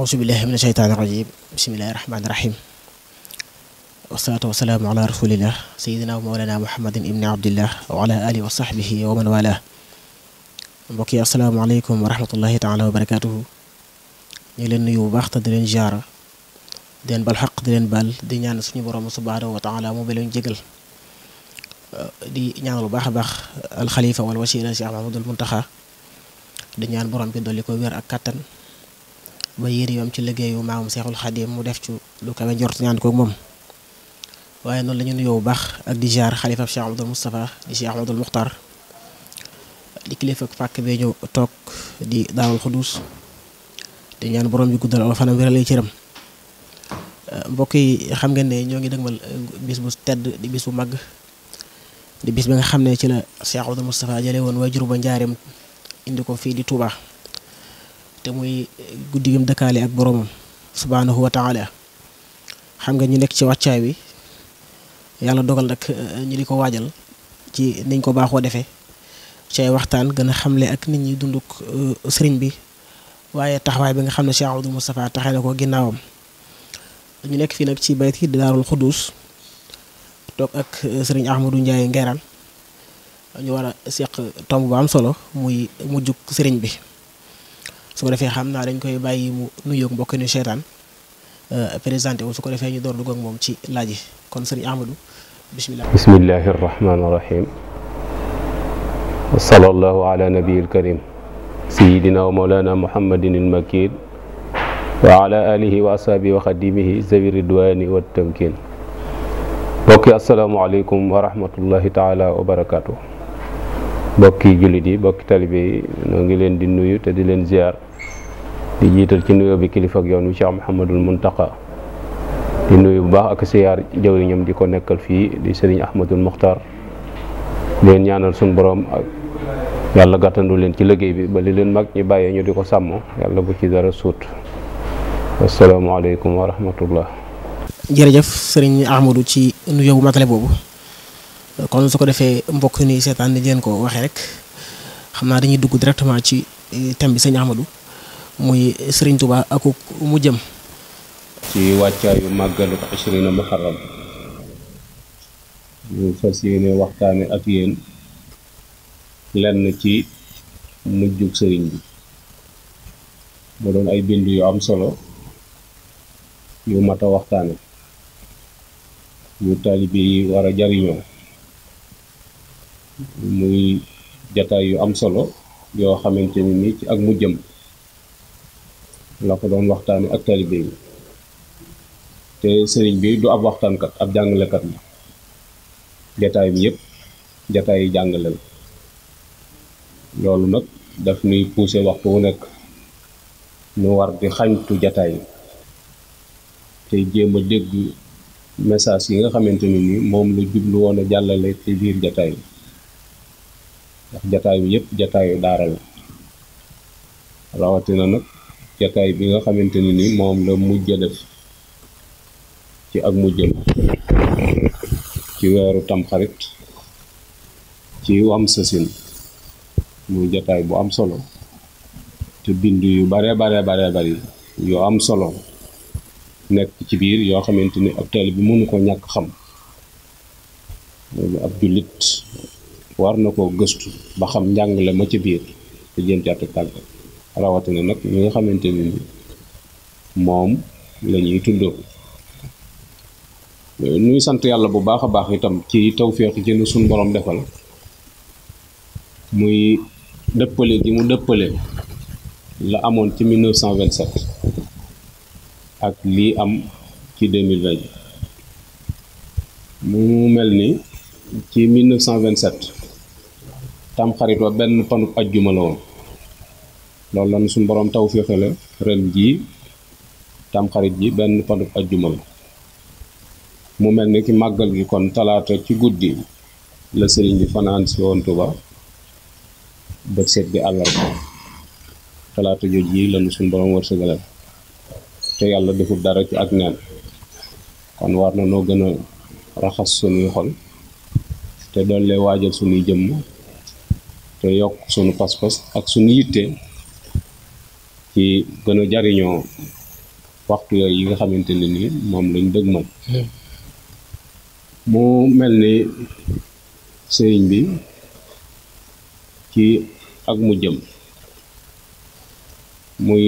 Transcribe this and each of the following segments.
aousubillahi min asheytaani irajim bismillahi irahmaaniirahim wasalaatu wasalaamu ala rasulillah sayidina wa mawlana muhammadin ibni abdillah wa ala wa sahbihi wa man wala mbokk yi asalaamaaleykum wa taala wa barakatuhu ñu leen bu baax te di leen jaara di leen bal xaq di leen baal di ñaan suñu borom subhanahu wa taala mu beleen jégal di ñaanal bu baax a baax alxalifa wal wasila si Ahmadul Muntaxa di ñaan borom bi dolli ko wér ak ba yéene yoom ci liggéeyu maamam Seexul Xadim mu def ci lu kawe njort ñaan ko moom waaye noonu la ñu nuyoo bu baax ak di jaar xalifa Cheikh Abdoul Moustapha di Cheikh Abdoul Muxtar di kilifa ak pàkk bee ñëw toog di daawul xudus di borom bi guddal wala fanam mbokk yi xam ngeen ñoo ngi dëgmal bu tedd di bis bu màgg di xam ne ci la Cheikh Abdoul Moustapha jële woon waajur ba njaareem indi ko fii di Touba. muy eh, guddi gim dëkkaale ak boroomam subhaanahu wa taala xam nga ñu nekk ci wàccaay wi yàlla dogal nag eh, ñu di ko waajal ci niñ ko baaxoo defee ci ay waxtaan gën a xamle ak nit ñi dunduk eh, sëriñ bi waaye taxawaay bi nga xam ne Cheikh Abdou Moustapha taxee na ko ginnaawam ñu nekk fii nag ci bayt di daarul xudduus toog ak sëriñ Ahmadou njaay Nguerane ñu war a tomb bu am solo muy mujjug sëriñ bi su ko defee xam naa dañ koy bàyyi mu nuyoog mbokk ñu seetaan euh, présenté wu su ko defee ñu door dugg ak moom ci laaj yi kon sëriñ Ahmadou bisimilah. bismillahi rahmaani rahim. wa sallallahu ala wa mawlana wa ala zawi ridwani wa tamkin mbokki asalaamualeykum wa rahmatullahi taala wa barakaatu. mbokki jullit yi mbokki talibe yi ngi leen di nuyu te di leen ziar. di jiital ci nuyoo bi kilifa ak yoon wi Cheikh Mouhamadul Muntaqa di nuyu bu baax ak siyaar jawriñam di ko nekkal fii di sëriñ Ahmadul Muxtaar leen ñaanal suñu borom ak yàlla gàttandu leen ci liggéey bi ba leen mag ñu bàyyee ñu di ko sàmm yàlla bu ci dara suut asalaamaaleykum wa rahmatullah. jërëjëf sëriñ Ahmadou ci nuyoo bu matale boobu kon su ko defee mbokk yi seetaan ni leen ko waxee rek xam naa dañuy dugg directement ci eh, thème bi sëriñ Ahmadou. muy Serigne Touba ak mu jëm. ci wàccaayu màggalu Achirina Muharram ñu fas yéene waxtaane ak yéen lenn ci mujjug sëriñ bi mu doon ay bind yu am solo yu mat a waxtaane yu taalibe yi war a jariñoo muy jataay yu am solo yoo xamante ni nii ak mu jëm loo ko doon waxtaane ak taalibe yi te sëriñ bi du ab waxtaankat ab jàngalekat la jataay bi yëpp jataay yi jàngale la loolu nag daf nuy poussé waxtu wu nekk nu war di xañtu jataay yi jéem a dégg message yi nga xamante ni ni moom la jublu woon a jàllale ci biir jataay yi ndax jataay bi yëpp jataayu daara la rawatina nag jataay bi nga xamante ne ni moom la mujj a def ci ak mujjam ci weeru tamxarit ci wam sësin mu jataay bu am solo te bind yu bare bare bare bari yu am solo nekk ci biir yoo xamante ni ab taalibe bi mënu ko ñàkk xam loolu ab jullit war na koo gëstu ba xam njàng la ma ca biir te jéem ca tàggat rawatina nag ñi nga xamante ne ni moom la ñuy tuddoo ñuy sant yàlla bu baax a baax itam ci tawféex jënd suñ borom defal muy dëppale gi mu dëppale la amoon ci cent 1927 ak lii am ci 2020 mu mel ni ci 1927 tam xarit wa benn panub ajjuma la woon lool lan suñu borom taw féexale ren jii tamxarit ji benn panu ajjuma la mu mel ni ki màggal gi kon talaata ci guddi la sëriñ bi fanaan si woon ba bët seet bi àllarba talaata jooju yi lan suñu borom wërsëgale te yàlla deful dara ci ak neen kon war na noo gën a raxas sunuy xol te doon lay waajal sunuy jëmm te yokk sunu pas-pas ak sunu yitte. ci gën a jariñoo waxtu yooyu yi nga xamante ne nii moom lañ dëgg moom mu mel ni sëriñ bi ci ak mu jëm muy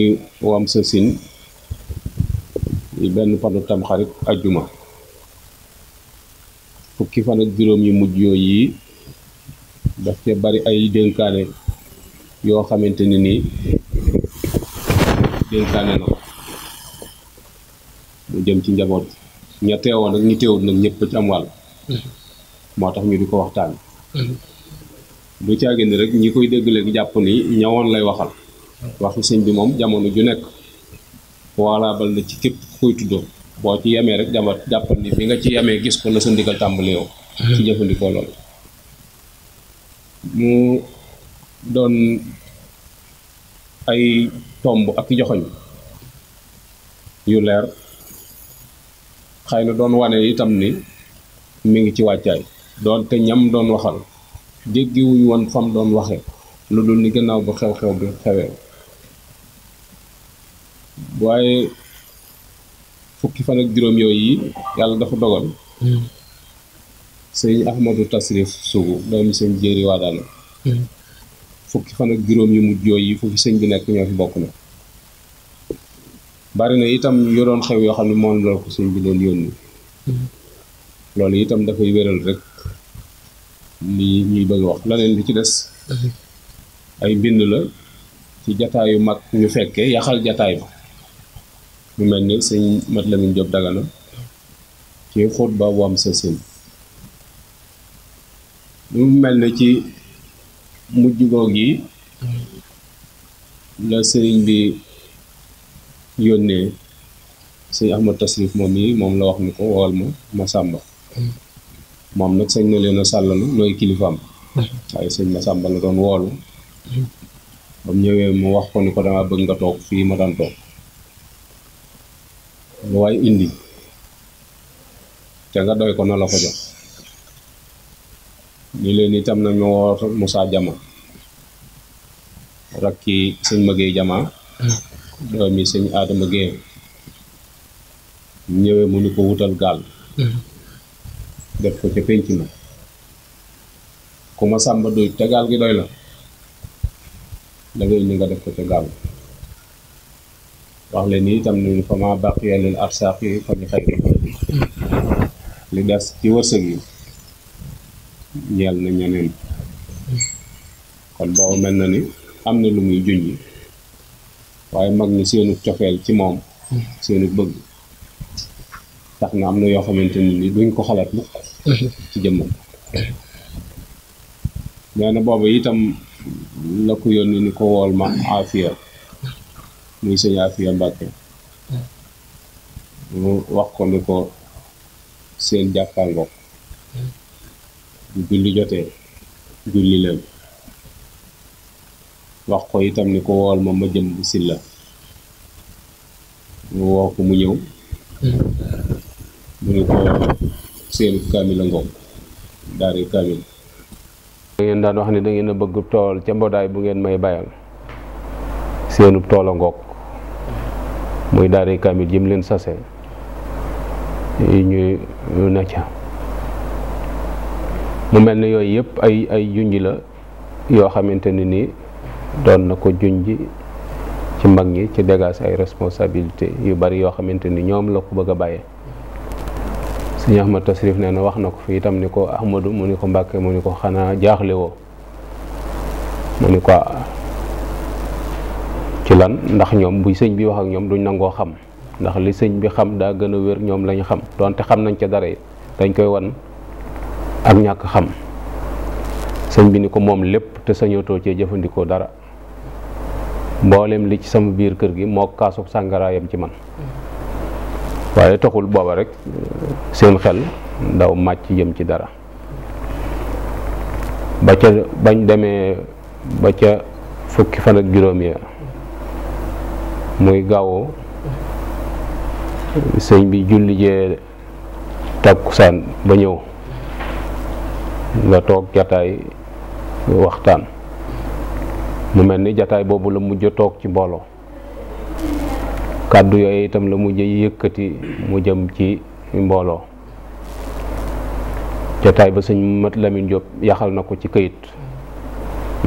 wam sa sin yi benn fanu tamxarit ajjuma fukki fan juróom yu mujj yooyu yi ca bari ay dénkaane yoo xamante ne nii dénkaane na ko jëm ci njaboot ña teewoon ak ñi teewul mm-hmm. moo tax ñu di ko waxtaan mm-hmm. rek ñi koy dégg jàpp ni ñawoon lay waxal waxi sëñ bi moom jamono ju nekk waalaabal na ci képp koy tuddoo yemee rek jàmbat jàppal ni bi nga ci yemee gis ko la sa ndigal tàmbali yow mm-hmm. ci jëfandikoo lool mu doon ay tomb ak joxoñ yu leer xëy na doon wane itam ni mi ngi ci wàccaay te ñam doon waxal jéggiwuñ woon fam doon waxe lu dul ni gannaaw bu xew-xew bi xewee waaye fukki fan ak juróom yooyu yi yàlla dafa dogal hmm. sëñ Ahmadou Tasrif Sougou doomi sëñ Jéeri Waadaan hmm. fukki fan ak juróom yu mujj yooyu fu fi sëñ bi nekk ñoo fi bokk na bari na itam yu doon xew yoo xam ne moom la ko sëñ bi doon yónni mm-hmm. loolu itam dafay wéral rek li ñuy bëgg wax leneen li ci des mm-hmm. ay bind la ci jataayu mag ñu fekkee yaxal jataay ba mu mel ni sëñ Mat Lamin Jóob Dagana ci xóot ba wam sa sëñ mu mel ni ci mujj goog yi la sëriñ bi yónnee sëñ Ahmad Tasrif moom yi moom la wax ni ko wowal ma ma sàmba moom nag sëñ na leen a sàllalu nooy kilifaam waaye sëñ ma sàmba la doon woolu ba ñëwee mu wax ko ni ko dama bëgg nga toog fii ma daan toog lu waaye indi te nga doy ko na la ko jox ñu leen itam nag ñoo woor Moussa Jama rakki sëñ Magueye Jama hmm. doomi sëñ Adama Gueye ñëwee mu ñu ko wutal gaal hmm. def ko ca penc ma ku ma sàmba doy te gaal gi doy la da ngay nga def ko ca gaal wax leen nii tam ne fa ma baqiya lil arsaqi fa li xayri hmm. li des ci wërsëg yi ñeel na ñeneen kon boobu mel na ni am na lu muy junj waaye mag ñi seenu cofeel ci moom seenu bëgg tax na am na yoo xamante ni duñ ko xalaat mukk ci jëmmam nee na boobu itam la ko yónni ni ko wool ma afiya muy sëñ afiya Mbàkke mu wax ko ni ko seen jàppangook bu julli jotee julli leen wax ko itam ni ko wool ma ma jëm silla mu woo ko mu ñëw mu ne ko seenu kaamil ngoog daari kaamil da daan wax ni dangeen ngeen a bëgg tool ca mboodaay bu ngeen may bayal seenub tool a ngoog muy daari kaamil jëm leen sase yi ñuy na ca mu mel ni yooyu yëpp ay ay junj la yoo xamante ne nii doon na ko junj ci mag ñi ci degaas ay responsabilité yu bari yoo xamante ni ñoom la ko bëgg a bàyyee sëñ Ahmad Tasrif nee na wax na ko fii itam ni ko Ahmadu mu ni ko Mbàkke mu ni ko xanaa jaaxle woo mu ni ko ah, ci lan ndax ñoom bu sëñ bi wax ak ñoom duñ nangoo xam ndax li sëñ bi xam daa gën a wér ñoom lañ xam donte xam nañ ca dara yi dañ koy wan ak ñàkk xam sëñ bi ni ko moom lépp te sëñootoo cee jëfandikoo dara mboolem li ci sama biir kër gi moo kaasub sàngaraayam ci man waaye taxul booba rek seen xel ndaw màcc jëm ci dara ba ca bañ demee ba ca fukki fan ak juróom ya muy gaawoo sëñ bi julli jee takkusaan ba ñëw nga toog jataay waxtaan mu mel ni jataay boobu la mujj toog ci mbooloo kàddu yooyu itam la mujj yëkkati mu jëm ci mbooloo jataay ba sëñ Mat Lamin Jóob yaxal na ko ci kayit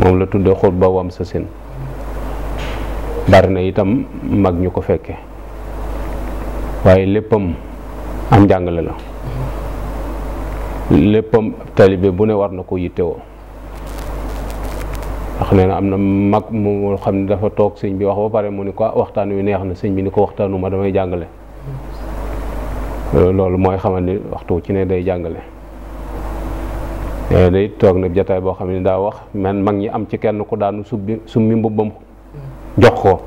moom la tudde xutba wam sa seen bari na itam mag ñu ko fekke waaye léppam am njàngale la léppam talibe bu ne war na ko yittewoo wax nee na am na mag mu xam ne dafa toog sëñ bi wax ba pare mu ni ko ah, waxtaan wi neex na sëñ bi ni ko waxtaanu ma damay jàngale loolu mooy xamal ni waxtu ci ne day jàngale day toog na jataay boo xam ne daa wax man mag ñi am ci kenn ku daanu subbi summi mbubbam jox ko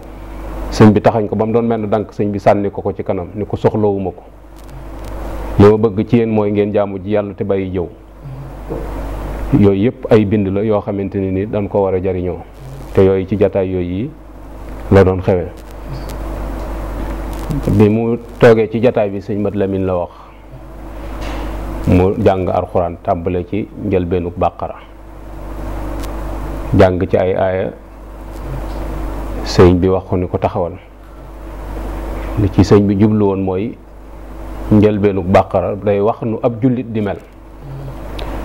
sëñ bi taxañ ko ba mu doon mel ne dànk sëñ bi sànni ko ko ci kanam ni ko soxlawuma ko li ma bëgg ci yéen mooy ngeen jaamu ji yàlla te bàyyi jëw yooyu yëpp ay bind la yoo xamante ne ni danga ko war a jariñoo te yooyu ci jataay yooyu la doon xewee bi mu toogee ci jataay bi sëñ Mat Lamin la wax mu jàng alxuraan tàmbale ci njëlbeenu bàqara jàng ci ay aaya sëñ bi wax ko ni ko taxawal li ci sëñ bi jublu woon mooy njëlbeenu bàqara day wax nu ab jullit di mel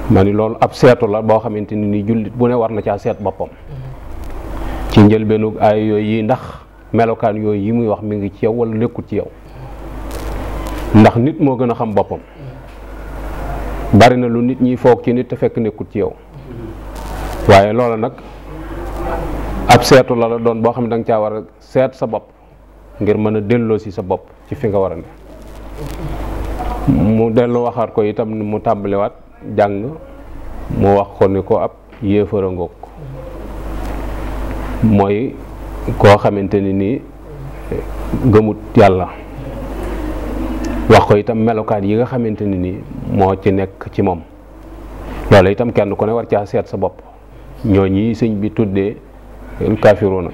ma ni loolu ab seetu la boo xamante ni ni jullit bu ne war na caa seet boppam ci njëlbeenu ay yooyu yi ndax melokaan yooyu yi muy wax mi ngi ci yow wala nekkul ci yow ndax nit moo gën a xam boppam bari na lu nit ñi foog ci nit te fekk nekkul ci yow waaye loola nag ab seetu la la doon boo xam ne danga caa war a seet sa bopp ngir mën a delloo si sa bopp ci fi nga war a ne mu dellu waxaat ko itam mu tàmbaliwaat jàng mu wax ko ni ko ab yéefar a ngoog mooy koo xamante ni nii gëmut yàlla wax ko itam melokaat yi nga xamante ni nii moo ci nekk ci moom loolu itam kenn ku ne war caa seet sa bopp ñoo ñi sëñ bi tuddee kaafiruuna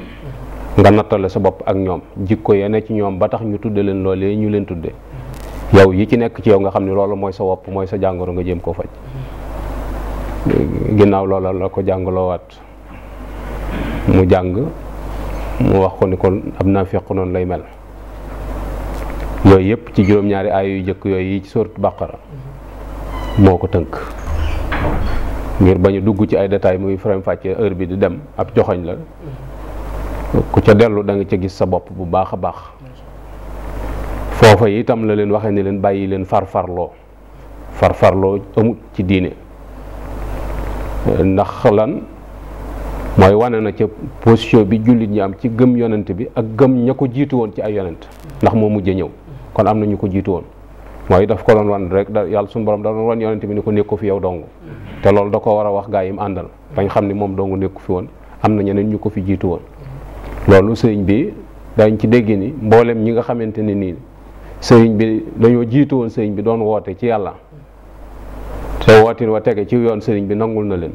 nga nattale sa bopp ak ñoom jikko ya ne ci ñoom ba tax ñu tudde leen loolee ñu leen tuddee yow yi ci nekk ci yow nga xam ne loolu mooy sa wopp mooy sa jàngoro nga jéem ko faj ginnaaw loola la ko jàngaloowaat mu jàng mu wax ko ni ko am naa fekk noonu lay mel yooyu yëpp ci juróom-ñaari aay yu jëkk yooyu yi ci sooratu bàqara moo ko tënk ngir bañ a dugg ci ay détails muy faram fàccee heure bi di dem ab joxoñ la ku ca dellu da nga ca gis sa bopp bu baax a baax foofa itam la leen waxee ni leen bàyyi leen farfarloo farfarloo amut ci diine ndax lan mooy wane na ca position bi jullit ñi am ci gëm yonent bi ak gëm ña ko jiitu woon ci ay yonent ndax moo mujj ñëw kon am na ñu ko jiitu woon mooy daf ko doon wan rek da yàlla suñu borom da doon wan yonent bi ni ko fi yow dong te loolu da ko war a wax gaa yi mu àndal bañ xam ni moom dong nekku fi woon am na ñeneen ñu ko fi jiitu bi dañ ci déggi ni mboolem ñi nga xamante ne nii sëriñ bi dañoo jiitu woon sëriñ bi doon woote ci yàlla te wootin wa tege ci yoon sëriñ bi nangul na leen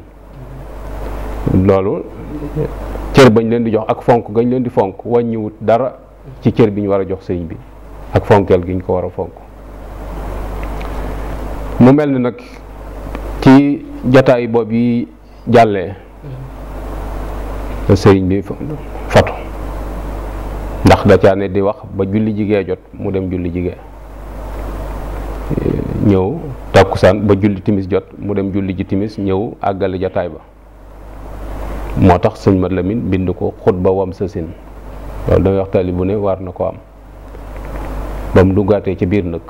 loolu cër bañ leen di jox ak fonk gañ leen di fonk wàññiwut dara ci cër bi ñu war a jox sëriñ bi ak fonkeel gi ñu ko war a fonk mu mel ni nag ci jataay boobu yi jàllee mm-hmm. sëriñ bi ndax da ne di wax ba julli jigee jot mu dem julli jigee ñëw takkusaan ba julli timis jot mu dem julli ji timis ñëw àggale jataay ba moo tax sëñ Mat Lamin bind ko xutba wam sësin loolu damay wax taalibe bu ne war na ko am ba mu duggaatee ci biir nag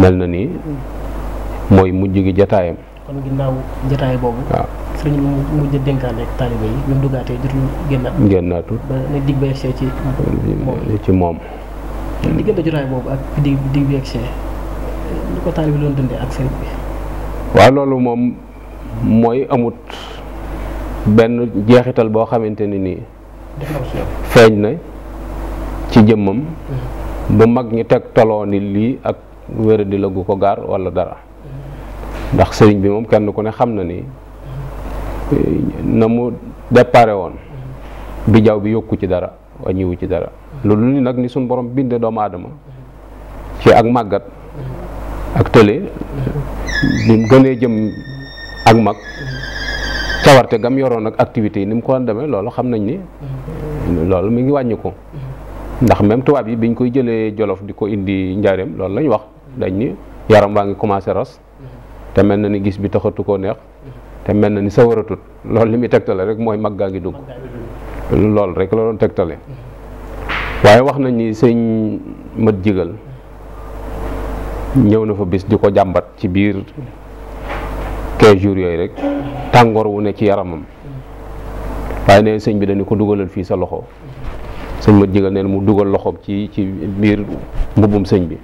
mel na ni mooy mujj gi jataayam waaw sëriñ bi mu mujj dénkaane ak taalibe yi bi duggaatee jotul génnaat. génnaatul ba ne ci. moom ci boobu ak bi yegsee waaw loolu moom mooy amut benn jeexital boo xamante ne nii. feeñ na ci jëmmam. Mm-hmm. bu mag ñi teg toloo ni lii ak wéradi ko gaar wala dara. Mm-hmm. ndax sëriñ bi moom kenn ku ne xam na ni. na mu déparé woon bijaaw bi yokku ci dara wàññiwu ci dara loolu ni nag ni suñ borom binde doomu aadama ci ak màggat ak tële ni gënee jëm ak mag cawarte gam yoroon ak activité yi ni mu ko demee loolu xam nañ ni loolu mi ngi wàññi ko ndax même tubaab yi biñ koy jëlee jolof di ko indi njaareem loolu lañ wax dañ ni yaram waa ngi commencé ras te mel na ni gis bi taxatu koo neex te mel na ni sawaratut loolu li muy tegtale rek mooy mag gaa ngi dugg lool rek la doon tegtale mm-hmm. waaye wax nañ ni sëñ mët jigal ñëw na fa bis di ko jàmbat ci biir quinze jours yooyu rek mm-hmm. tàngoor wu ne ci yaramam mm-hmm. waaye nee sëñ bi dañu ko dugalal fii sa loxo sëñ mët jigal nee mu dugal loxoom ci ci biir mbubbum sëñ bi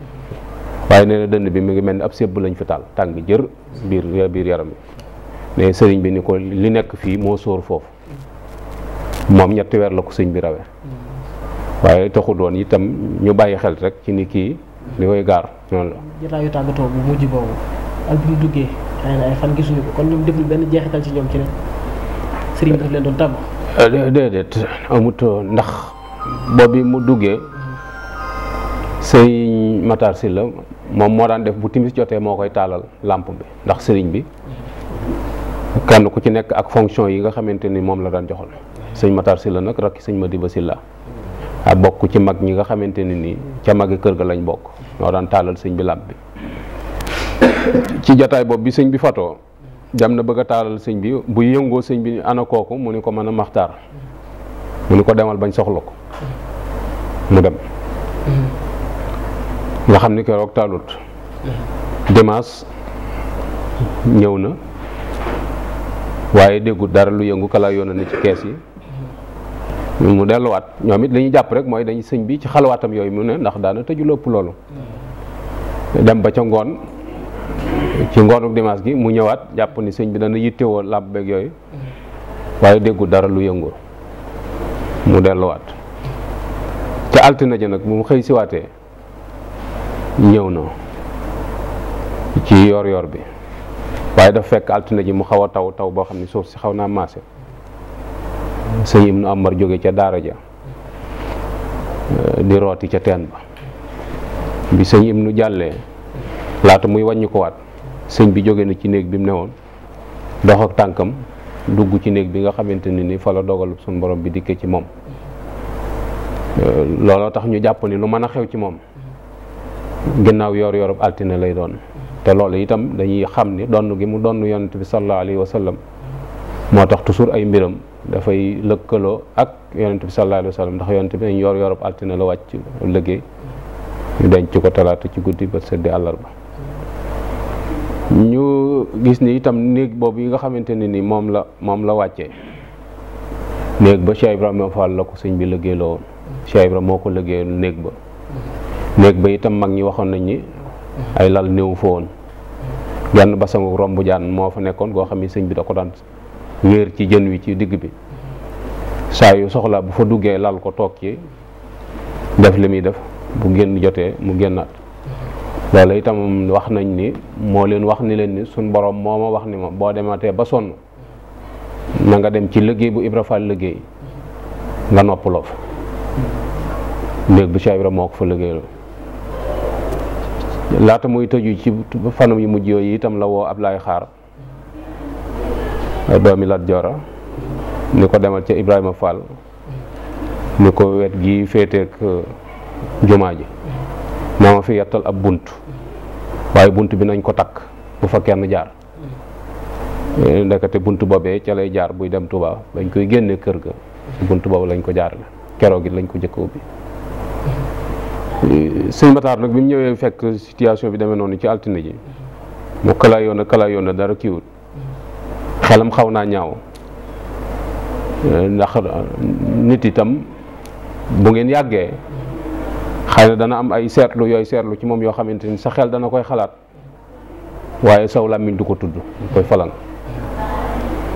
waaye nee na dënn bi mu ngi mel ni ab sébb lañ fi taal tàng jër biir biir yaram mais sëriñ bi ni ko li nekk fii moo sóor foofu moom ñetti weer la ko sëñ bi rawee waaye taxu doon itam ñu bàyyi xel rek ci ni kii li koy gaar noonu la. jotaayu tàggatoo bu mujj boobu mu duggee xëy na ay fan gisuñu ci ñoom ci ne sëriñ bi euh, ndax boobu mu duggee sëñ Matar si la moom moo daan def bu timis jotee moo koy taalal làmp bi ndax sëriñ bi. Mm-hmm. kenn ku ci nekk ak fonction yi nga xamante ni moom la daan joxal sëñ Matar Sylla nag rakk sëñ ma Madiba Sylla a bokk ci mag ñi nga xamante ne nii ca magi kër ga lañ bokk ñoo daan taalal sëñ bi làmp bi ci jataay bopp bi sëñ bi fatoo dem na bëgg a taalal sëñ bi bu yëngoo sëñ bi ana kooku mu ni ko mën a maxtaar mu ni ko demal bañ soxla ko mu dem nga xam ni keroog taalut mm-hmm. dimanche ñëw na waaye déggu dara lu yëngu ka laa yoona ne ci kees yi mm-hmm. mu delluwaat ñoom it li jàpp rek mooy dañu sëñ bi ci xalawaatam yooyu mu ne ndax daana tëju lépp loolu mm-hmm. dem ba ca ngoon ci ngoonu dimaas gi mu ñëwaat jàpp ni sëñ bi dana yittewoo làmp beeg yooyu mm-hmm. waaye déggu dara lu yëngu mu delluwaat ca altine ji nag bu mu xëy siwaatee ñëw na ci yoor yoor bi waaye dafa fekk altine ji mu xaw a taw taw boo xam ne suuf si xaw naa maase sëñ Ibnu Amar jóge ca daara ja eh, di rooti ca teen ba bi sëñ Ibnu jàllee laata muy wàññikuwaat ko sëñ bi jóge na ci néeg bi mu newoon dox ak tànkam dugg ci néeg bi nga xamante ni ni fa la dogalu suñu borom bi dikkee ci moom eh, looloo tax ñu jàpp ni lu mën a xew ci moom ginnaaw yor yorub altine lay doon te loolu itam dañuy xam ni donn gi mu donn yonent bi sallallahu alayhi moo tax toujours ay mbiram dafay lëkkaloo ak yonent bi sallallahu alayhi ndax yonent bi dañ yor yorub altine la wàcc liggéey ñu denc ko talaata ci guddi ba seddi àllarba ñu gis ni itam néeg boobu yi nga xamante ne ni moom la moom la wàcce néeg ba Cheikh Ibrahima Fall la ko sëñ bi liggéey la woon Cheikh Ibrahima moo ko liggéey néeg ba néeg ba itam mag ñi waxoon nañ ni ay lal néew fa woon genn basangu romb jaan moo fa nekkoon goo xam ne sëñ bi da ko daan wéer ci jën wi ci digg bi saa yu soxla bu fa duggee lal ko toog ci def li muy def bu génn jotee mu génnaat loolu itam wax nañ ni moo leen wax ni leen ni suñ boroom moo ma wax ni ma boo demaatee ba sonn na nga dem ci liggéey bu Ibra Fall liggéey nga noppaloo fa néeg bu Cheikh Ibra moo ko fa liggéeyaloo laata muy tëju ci fanam yu mujj yooyu itam la woo ab Ablaay Xaar doomi Lat Joora ni ko demal ca Ibrahima Fall ni ko wet gi féeteek uh, jumaa ji naa ma fi yettal ab bunt waaye bunt bi nañ ko takk bu fa kenn jaar eh, ndekete bunt boobee ca lay jaar buy dem Touba dañ koy génne kër ga bunt boobu lañ ko jaar la keroog lañ ko jëkk ubbi sëñ Matar nag bi mu ñëwee fekk situation bi demee noonu ci altine ji mu kala yoon na kala dara kiiwut xelam xaw naa ñaaw ndax nit itam bu ngeen yàggee xëy na dana am ay seetlu yooyu seetlu ci moom yoo xamante ni sa xel dana koy xalaat waaye saw làmmiñ du ko tudd koy falan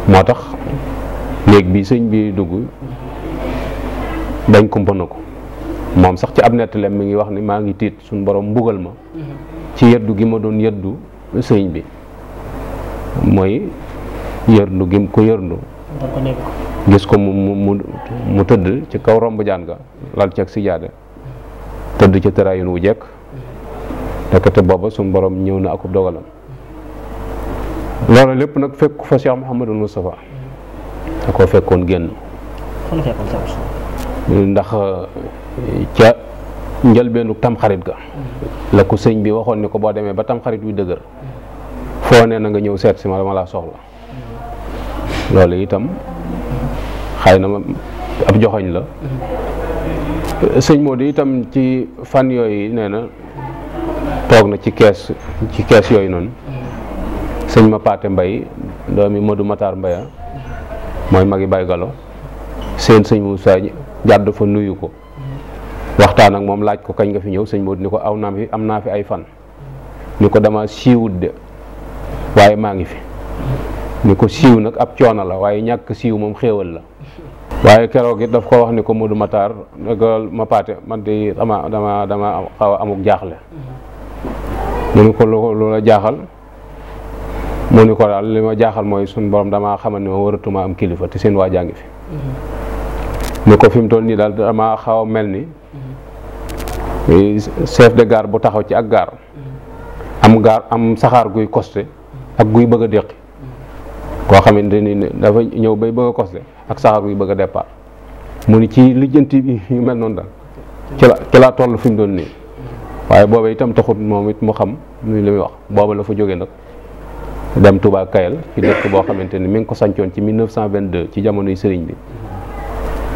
moo tax néeg bi sëñ bi dugg dañ kumpa na ko moom sax ci ab nettaleem mi ngi wax ni maa ngi tiit suñ borom mbugal ma mm-hmm. ci yëddu gi ma doon yëddu sëñ bi mooy yërndu gim ko yërndu gis ko mu mu tëdd ci kaw romb jaan ga lal ci ak sijaada mm-hmm. tëdd ci tëraayin wu jekk mm-hmm. ndekete booba suñ borom ñëw na akub dogalam loolu lépp nag fekk fa Cheikh Mouhamadul Moustapha da koo fekkoon génn ndax euh, ca njëlbeenu tamxarit ga la ko sëñ bi waxoon ni ko boo demee ba tamxarit wi dëgër foo nee na nga ñëw seet si ma dama laa soxla loolu itam xëy na ab joxoñ la sëñ Modou itam ci fan yooyu nee na toog na ci kees ci kees yooyu noonu sëñ ma paate mbay doomi Modou Matar Mbaya mooy magi Baye Gallo seen sëñ Moussa jàdd fa nuyu ko waxtaan ak moom laaj ko kañ nga fi ñëw sëñ Maodo ni ko aw naa fi am naa fi ay fan ni ko dama siiwut de waaye maa ngi fi ni ko siiw nag ab coono la waaye ñàkk siiw moom xéewal la waaye keroog it daf ko wax ni ko Modou Matar ma paate man de dama amuk jaaxle mu ni ko lu jaaxal mu ni ko daal li ma jaaxal mooy suñ borom dama xamal ne ma waratuma am kilifa te seen waajaa ngi fi ne ko fi mu toll nii daal dama xaw a mel ni chef de gare bu taxaw ci ak gaar am gaar am saxaar guy costé ak guy bëgg a déqi koo xamante ni dafa ñëw bay bëgg a costé ak saxaar guy bëgg a départ mu ni ci lijjanti bi yu mel noon daal ci la ci laa toll fi mu doon nii waaye booba itam taxut moom it mu xam luy la muy wax booba la fa jógee nag dem Touba Kayel ci dëkk boo xamante ni mi ngi ko sancoon ci vingt 1922 ci jamonoy sëriñ bi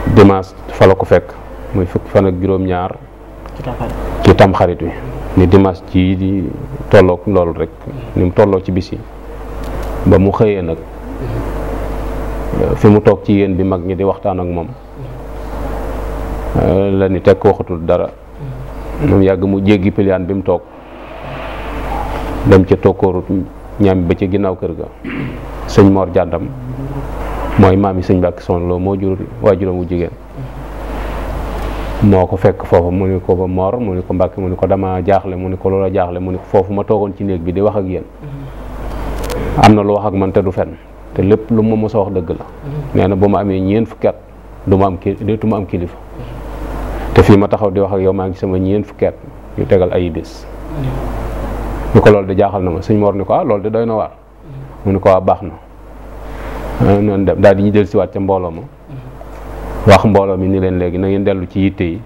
dimanche fa la ko fekk muy fukki fan ak juróom-ñaar ci tamxarit wi ni dimanche ji di tolloog loolu rek ni mu tolloo ci bis yi ba mu xëyee nag mhm. fi mu toog ci yéen bi mag ñi di waxtaan ak moom mhm. eh, la ni tekk waxatul dara moom yàgg mu jéggi piliyaan bi mu toog dem ca tokkoorut ñaam ba ci ginnaaw kër ga mhm. sëñ Mor Jàddam mooy maam yi sëñ Mbàkke soon Lo moo jur waajuram wu jigéen moo ko fekk foofu mu ni ko ba mu ni ko Mbàkke mu ni ko dama jaaxle mu ni ko loola jaaxle mu ni ko foofu ma toogoon ci néeg bi di wax ak yéen mm-hmm. am na lu wax ak man te fen te lépp lu ma mos a wax dëgg la mm-hmm. nee na bu ma amee ñeent fukki at am ki am kilifa mm-hmm. te fii ma taxaw di wax ak yow maa ngi sama ñeent fukki at tegal ay bés loolu de jaaxal na ma sëñ Mor ni ko ah loolu de doy na waa mu ni ko waa ah, baax na noonu dem daal di ñu dellusiwaat ca mbooloo ma wax mbooloo mi ni leen léegi nangeen dellu ci yitte yi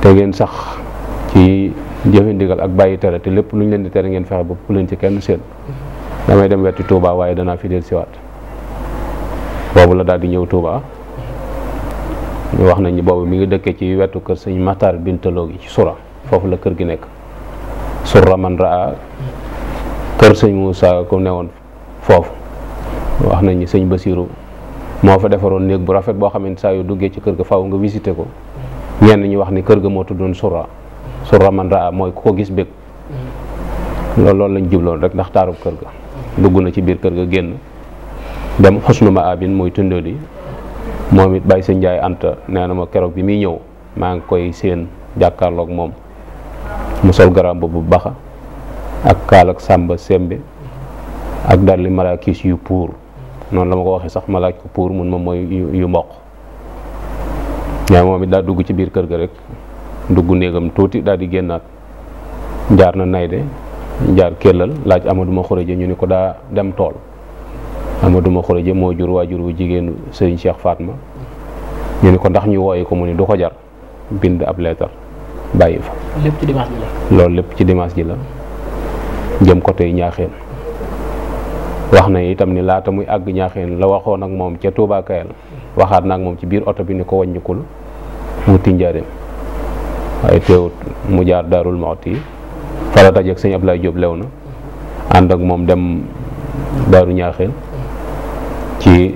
te ngeen sax ci jëfe ndigal ak bàyyi tere te lépp lu ñu leen di tere ngeen fexe ba pu leen ci kenn seen damay dem weti tuubaa waaye danaa fi siwaat boobu la daal di ñëw tuubaa wax nañ ni boobu mi ngi dëkkee ci wetu kër sëñ Matar Bintaloo gi ci sura foofu la kër gi nekk sura man raa kër sëñ Moussa ku newoon foofu wax nañ ni sëñ Basirou moo fa defaroon néeg bu rafet boo xamante saa yu duggee ci kër gi faw nga visité ko ñenn ñu wax ni kër ga moo tuddoon sura sura man raa mooy ku ko gis bëgg loolu loolu lañ jubloon rek ndax taarub kër ga dugg na ci biir kër ga génn dem xusnu ma abin mooy tundoo di moom it bàyyi sëñ Njaay Anta nee na ma keroog bi muy ñëw maa ngi koy seen jàkkaarloog moom mu sol garam bu baxa ak kaal ak sàmba sembe ak dalli maraakis yu puur noonu la ma ko waxee sax ma laaj ko pour mun ma mooy yu mboq waaye moom it daa dugg ci biir kër gi rek dugg néegam tuuti daal di génnaat jaar na Nayde jaar Kellal laaj Amadou ma Xuraje ñu ni ko daa dem tool Amadou ma Xuraje moo jur waajur wu jigéenu Serigne Cheikh Fatma ñu ni ko ndax ñu wooye ko mu ni du ko jar bind ab leetar bàyyi fa. loolu lépp ci dimanche ji la jëm côté Ñaaxeen. wax na itam ni laata muy àgg ñaaxeen la waxoon ak moom ca Touba waxaat na ak moom ci biir oto bi ni ko wàññikul mu tinjaareem waaye teewut mu jaar Daarul Muxti fara dajeeg sëñ Ablaye Diop lew na ànd ak moom dem daaru ñaaxeen ci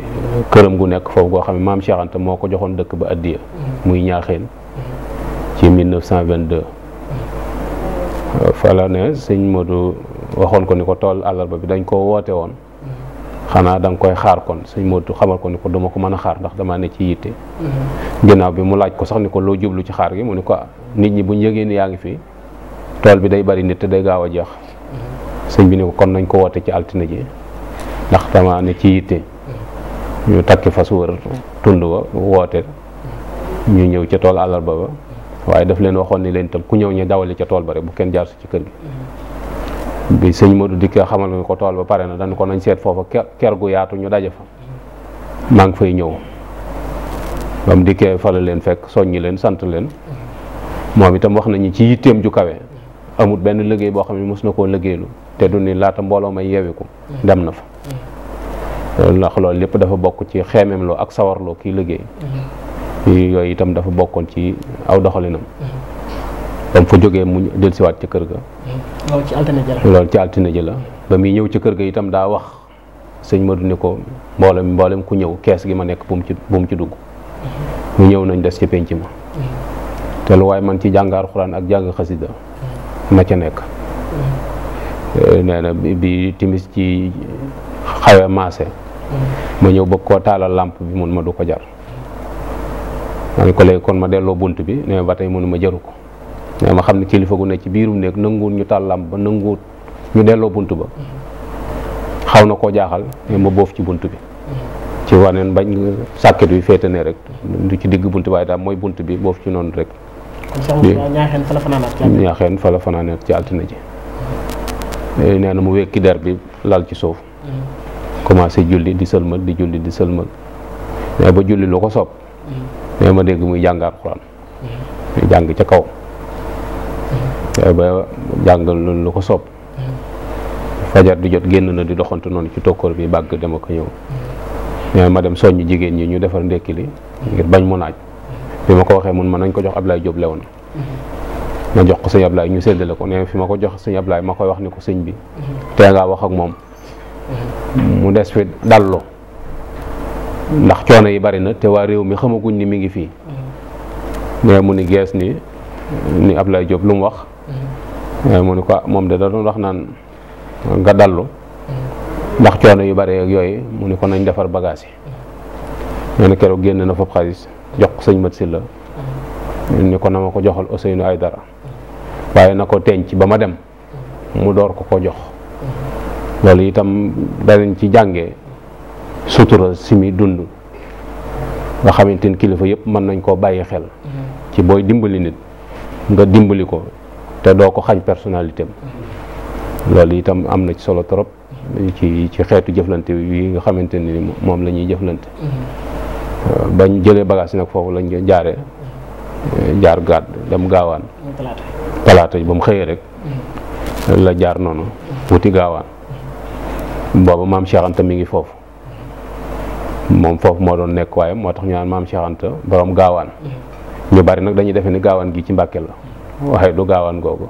këram gu nekk foofu goo xam maam Cheikh moo ko joxoon dëkk ba addiya muy ñaaxeen ci 1922 fala ne sëñ Modou waxoon ko ni ko tool àllarba bi dañ koo woote woon xanaa danga koy xaar kon sëñ Moodu xamal ko ni ko duma ko mën a xaar ndax damaa ne ci yitte ginnaaw bi mu laaj ko sax ni ko loo jublu ci xaar gi mu ni ko nit ñi buñ yëgee ni yaa ngi fii tool bi day bari nit te day gaaw a jeex sëñ bi ni ko kon nañ ko woote ci altine ji ndax damaa ne ci yitte ñu takki fas wër tund wa woote ñu ñëw ca tool àllarba ba waaye daf leen waxoon ni leen itam ku ñëw ñu dawali ca tool ba bu kenn jaar si ci kër gi bi sëñ Modou dikkee xamal nga ko tool ba pare na dañ ko nañ seet foofa ker gu yaatu ñu daje fa maa ngi fay ñëw ba mu dikkee fa la leen fekk soññi leen sant leen moom itam wax nañu ci yitteem ju kawe amut benn liggéey boo xam ne mos na koo liggéeylu te du ni laata mbooloo may yewiku dem na fa ndax loolu lépp dafa bokk ci loo ak sawarloo kii liggéey yooyu itam dafa bokkoon ci aw doxalinam ba mu fa jógee mu dellusiwaat ci kër ga loolu ci altine ji ci altine la ba muy ñëw ci kër ga itam daa wax sëñ Madou ni ko mboolem mboolem ku ñëw kees gi ma nekk bu mu ci bu ci dugg. mu ñëw nañ des ci penc ma. te lu waaye man ci jàng alxuraan ak jàng xasida ma ca nekk. Eh, nee bi timis ci xawe maase. ma ñëw bëgg koo taalal làmp bi mun ma du ko jar. ma ko léegi kon ma delloo bunt bi nee ba tey mënu ma jaru ko. ma xam ne kilifa gu ne ci biirum néeg nanguwul ñu tàllam ba nanguwut ñu delloo bunt ba xaw na koo jaaxal ma boof ci bunt bi ci waneen bañ sàkket wi féete ne rek du ci digg bunt waaye daal mooy bunt bi boof ci noonu rek ñaaxeen fa la fanaanaat ci altine ji nee na mu wekki der bi lal ci suuf mm-hmm. commencé julli di sëlmal di julli di sëlmal mais ba julli lu ko soob mais mm-hmm. ma dégg muy jàng alxuraan mm-hmm. jàng ca kaw Eh, ba jàngal loolu lu ko soob fajar di jot génn na di doxantu noonu ci tokkoor bi bàgg dama ko ñëw eh, ma dem soññ jigéen ñi ñu defar ndékki li ngir bañ mu naaj bi ma ko waxee mun ma nañ ko jox Ablaye Diop lewoon ma jox ko sëñ Ablaye ñu séddale ko nee fi ma ko jox sëñ Ablaye ma koy wax ni ko sëñ bi tee wax ak moom mu des fi dallo ndax coono yi bari na te waa réew mi xamaguñ ni mi ngi fii mais mu ni gees ni ni ab lay jóob lu mu wax mu ne ko ah, moom de da doon wax naan nga dallu ndax coono yu bare ak yooyu mu ne ko nañ defar bagage yi nee keroog génn na foofu xaalis jox sañ sëñ Mat ni ko na ma ko joxal Ousseynou Aydara waaye na ko ci ba ma dem mu door ko ko jox loolu itam danañ ci jànge sutura si mi dund nga xamante ni kilifa yëpp mën nañ koo bàyyi xel mm-hmm. ci booy dimbali nit nga dimbali ko te doo ko xañ personnalité am loolu itam am na ci solo trop ci ci xeetu jëflante yi nga xamante ni moom lañuy ñuy jëflante mm-hmm. bañ jëlee bagage yi nag foofu lañ jaare jaar gaat dem gaawaan talaata yi ba mu xëyee rek mm-hmm. la jaar noonu wuti gaawaan mm-hmm. booba maam Cheikh Anta mi ngi foofu moom foofu moo doon nekk waaye moo tax ñu naan maam boroom Anta gaawaan ñu bari nag dañuy defee ni gaawaan gi ci Mbàkke la waaye du gaawaan googu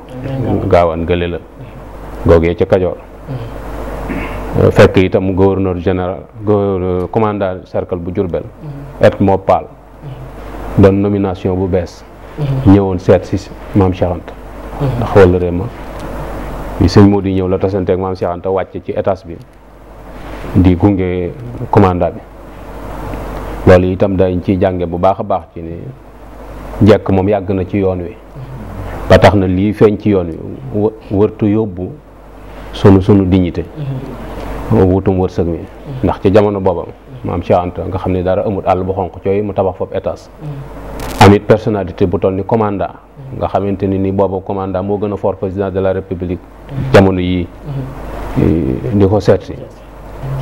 gaawaan gële la googee ca Kajoor fekk itam gouverneur général commandant cercle bu Jurbel et moo paal doon nomination bu bees ñëwoon seet si maam Cheikh Anta ndax wala rée ma sëñ moo di ñëw la tasanteeg maam Cheikh Anta ci étage bi di gunge commandant bi loolu itam dañ ciy jànge bu baax a baax ci ni jekk moom yàgg na ci yoon wi ba tax na lii feeñ ci yoon wi wërtu yóbbu sunu sunu dignité mm-hmm. wutum wërsëg mi mm-hmm. ndax ci jamono booba maam Cheikh Anta nga xam ne dara amut àll bu xonq cooy mu tabax foofu étage mm-hmm. amit personnalité bu toll ni commandant nga xamante ni ni booba commandant moo gën a foor président de la république jamono yii di ko seet si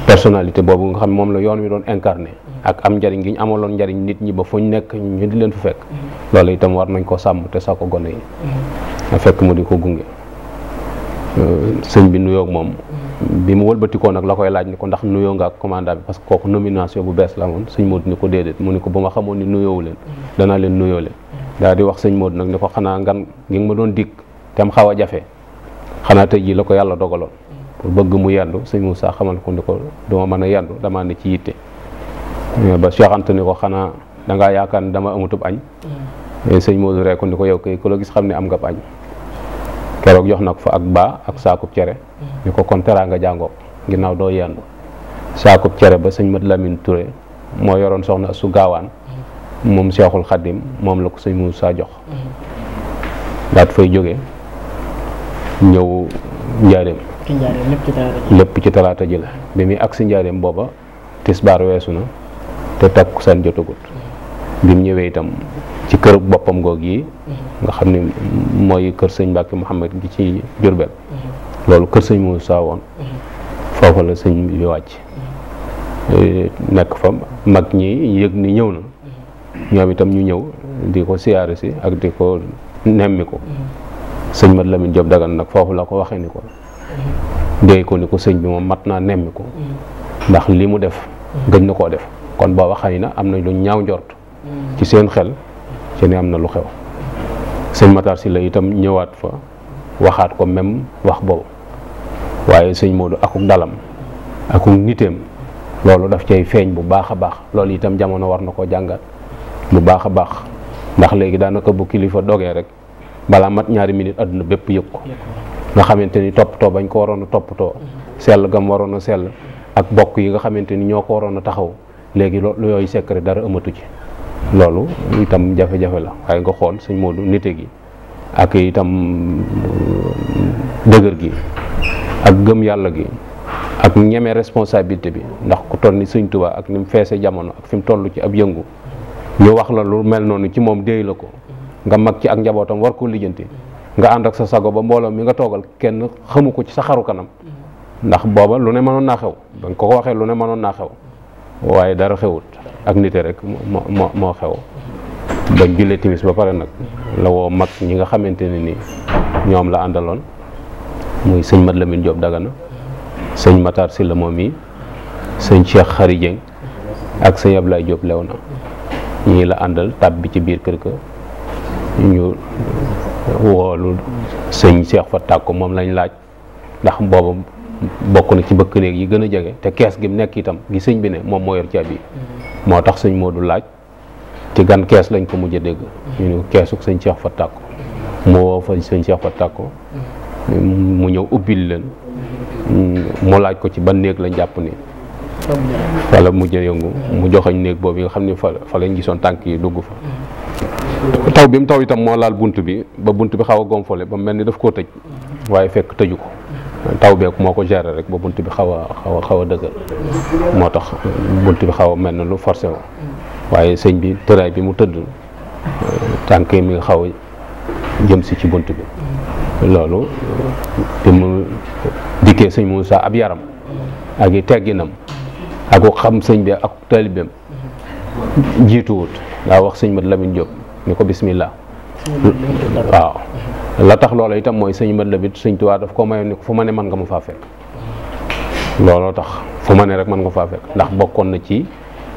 personnalité boobu nga xam moom la yoon wi doon incarné ak am njariñ gi ñu amaloon njariñ nit ñi ba fu ñu nekk ñu di leen fu fekk loolu itam war nañ koo sàmm te sa ko gone yi mm-hmm. nga fekk mu di ko gunge euh, sëñ bi nuyook moom mm-hmm. bi mu wëlbatikoo nag la koy laaj ni ko ndax nuyoo nga ak bi parce que kooku nomination bu bees la amoon sëñ Modou ni ko déedéet mu ni ko ba ma xamoon ni nuyoowu leen mm-hmm. danaa leen nuyoo leen daal di wax sëñ Modou nag ni ko xanaa ngan ngi ma doon dikk te mu xaw a jafe xanaa tey jii la ko yàlla dogaloon pour mu yendu sëñ Moussa xamal ba Cheikh Anta ni ko xanaa da yaakaar ne dama amutub añ. Mm. Eh, sëñ Modou Reku ni ko yow kay ku la gis xam ne am nga añ. keroog jox na fa ak baa ak saakub cere. Mm. ni ko kon teraa nga jàngoo ginnaaw doo yendu saakub cere ba sëñ Mat Lamine Touré moo yoroon soxna su gaawaan. Mm. moom Cheikhul Khadim moom la ko sëñ saa jox. daat fay jógee ñëw njaareem. lépp ci talaata ji la bi muy agsi njaareem booba tisbaar weesu na. te seen jotagut bi mu ñëwee itam ci kër boppam goog yi mm-hmm. nga xam ne mooy kër sëñ Mbàkke Mouhamed gi ci Jurbel mm-hmm. loolu kër sëñ Moussa woon mm-hmm. foofu la sëñ bi wàcc eh, nekk fa mag ñi yëg ni ñëw na ñoom itam ñu ñëw di ko siyaare si ak di ko nemmi ko sëñ Mat Lamin Jóob Dagan nag foofu la ko waxee ni ko déy ko ni ko sëñ bi moom mat naa nemmi ko ndax li mu def gëj na koo def kon booba xëy na am na lu ñaaw njort ci seen xel ci ne am na lu xew sëñ Matar la itam ñëwaat fa waxaat ko même wax boobu waaye sëñ Modou akuk dalam akuk niteem loolu daf cay feeñ bu baax a baax loolu itam jamono war na koo jàngat bu baax a baax ndax léegi daanaka bu kilifa dogee rek balaa mat ñaari minute àdduna bépp yëg ko nga xamante ni toppatoo bañ ko waroon a toppatoo mm-hmm. sell gam waroon a sell ak bokk yi nga xamante ni ñoo ko waroon a taxaw léegi loolu yooyu secret dara amatu ci loolu itam jafe-jafe la waaye nga xool sëñ Modou nite gi ak itam dëgër gi ak gëm yàlla gi ak ñeme responsabilité bi ndax ku toll ni sëñ Tuubaa ak ni mu feese jamono fi mu toll ci ab yëngu ñu wax la lu mel noonu ci moom déy la ko nga mag ci ak njabootam war koo lijjanti nga ànd ak sa sago ba mbooloo mi nga toogal kenn xamu ko ci sa xaru kanam mm-hmm. ndax booba lu ne mënoon naa xew ba nga ko waxee lu ne mënoon naa xew waaye dara xewut ak nite rek moo moo xew bañ jullee timis ba pare nag la woo mag ñi nga xamante ne ni ñoom la àndaloon muy sëñ Mat Lamine Diop Dagana sëñ Matar Sylla moom yi sëñ Cheikh Khary Dieng ak sëñ Ablaye Diop Léona ñii la àndal tab bi ci biir kër ga ñu woolu sëñ Cheikh Fatak ko moom lañ laaj ndax booba bokk na ci néeg yi gën a jege te kees gi mu nekk itam gi sëñ bi ne moom moo yor caabi mm-hmm. moo tax sëñ Modou laaj ci gan kees lañ ko mujj a dégg mm-hmm. ñu ne keesuk sëñ Cheikh Fat Tàkko moo mm-hmm. fa sëñ Cheikh mu ñëw ubbil leen mu laaj ko ci ban néeg lañ jàpp ni wala mujj a yëngu mu joxañ néeg boobu yi nga xam ne fa fa lañ gisoon tànk yi dugg fa taw bi mu taw itam moo laal bunt bi ba bunt bi xaw a gonflé ba mel ni daf koo tëj waaye fekk tëju ko taw beek moo ko gérer rek ba bunt bi xaw a xaw a xaw a dëgër moo tax bunt bi xaw a mel na lu forcé waaye sëñ bi tëraay bi mu tëdd tànk mi nga xaw a jëm si ci bunt bi loolu bi mu dikkee sëñ Moussa ab yaram ak i tegginam ak xam sëñ bi ak taalibeem jiituwut daa wax sëñ Mat Lamin Jóob ni ko bismillah waaw la tax loola itam mooy sëñ mat labit sëñ Tuubaa daf koo mayoon ni ko fu ma ne mën nga ma faa fekk looloo tax fu ma ne rek mën nga faa fekk ndax bokkoon na ci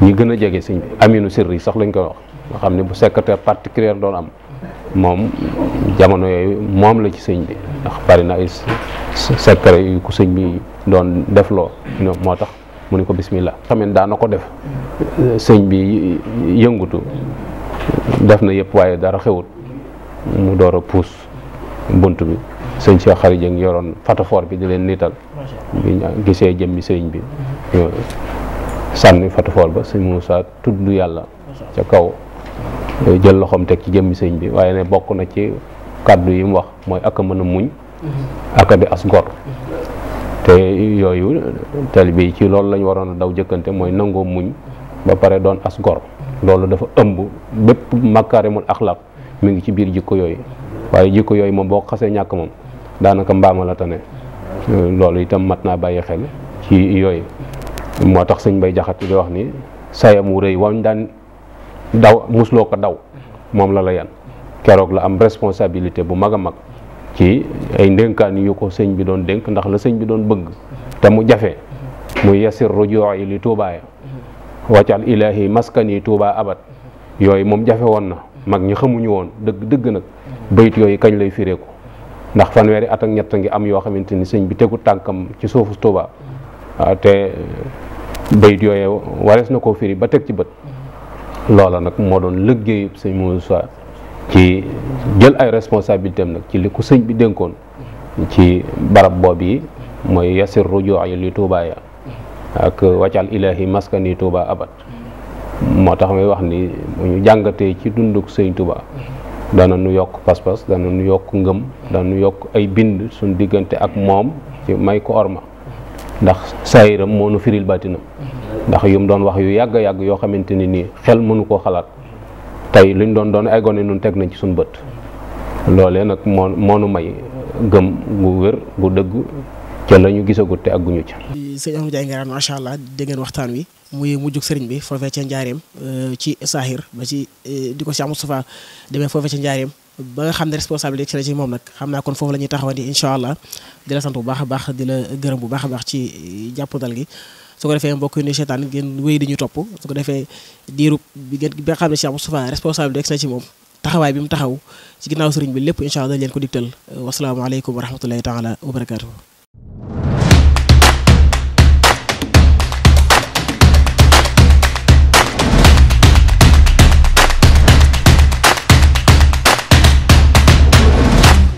ñi gën a jege sëñ bi aminu sirri sax lañ koy wax nga xam ne bu secrétaire particulier doon am moom jamono yooyu moom la ci sëñ bi ndax bari na ay secret yu ko sëñ bi doon def loo moo tax mu ne ko bismillah tamit daan na ko def sëñ bi yëngutu def na yëpp waaye dara xewut mu door a puus bunt bi sëñ Cheikh Khary Dieng yoroon fatafoor bi di leen niital bi ñu gisee jëmmi sëriñ bi sànni fatafoor ba sëñ Moussa tudd yàlla ca kaw jël loxoom teg ci jëmmi sëriñ bi waaye ne bokk na ci kàddu yi mu wax mooy ak a mën a muñ mhm. ak di as mhm. te yooyu tali bi ci loolu lañ waroon a daw jëkkante mooy nangoo muñ mhm. ba pare doon asgor loolu dafa ëmb bépp makaarimul axlaq mu ngi ci biir jikko yooyu waaye jikko yooyu moom boo xasee ñàkk moom daanaka mbaama la tane euh, loolu itam mat naa bàyyi xel ci yooyu moo tax sëñ bay jaxat di wax ni sayam wu rëy wañ daan daw musloo ko daw moom la la yan keroog la am responsabilité bu mag a mag ci ay ndénkaan yu ko sëñ bi doon dénk ndax la sëñ bi doon bëgg te mu jafe mu yasir rujuu yi li tuubaaya waccal ilaahi maskani tuubaa abat yooyu moom jafe woon na mag ñi xamuñu woon dëgg dëgg nag bayit yooyu kañ lay fireeku ndax fanweeri at ñett ngi am yoo xamante ni sëñ bi tegu tànkam ci suufu Tuuba te bayit yooyee warees na koo firi ba teg ci bët loola nag moo doon liggéeyu sëñ Moussa ci jël ay responsabilité am nag ci li ko sëñ bi dénkoon ci barab boobu yi mooy yasir rujuu li Tuuba ya ak waccal ilaahi maskani Tuuba abat moo tax may wax ni mu ñu jàngatee ci dunduk sëñ Tuuba dana nu yokk pas-pas dana nu yokk ngëm dana nu yokk ay bind suñ diggante ak moom may ko ma ndax saayiram moo nu firil baatinam ndax yu mu doon wax yu yàgg yàgg yoo xamante ni nii xel mënu koo xalaat tey luñ doon doon ay gone nun teg nañ ci suñ bët loolee nag moo moo nu may gëm gu wér gu dëgg ca la gisagute gisagut te agguñu ca. sëñ allah dégg ngeen waxtaan wi. muy mujjug sëriñ bi foofee ca njaareem euh, ci Sahir ba ci euh, di ko si Cheikh Moustapha demee foofee ca njaareem ba nga xam ne responsabilité ci la ci moom nag xam naa kon foofu la ñuy taxawandi incha allah di la sant bu baax a baax di la gërëm bu baax a baax ci euh, jàppandal gi. su ko defee mbokk yi ni seetaan ngeen wéy di ñu topp su ko defee diirub bi ngeen bi nga xam ne Cheikh Moustapha responsabilité ci la ci moom taxawaay bi mu taxaw ci ginnaaw sëriñ bi lépp incha allah dañ leen ko digtal wasalaamaaleykum wa rahmatullahi taala wa barakaatu.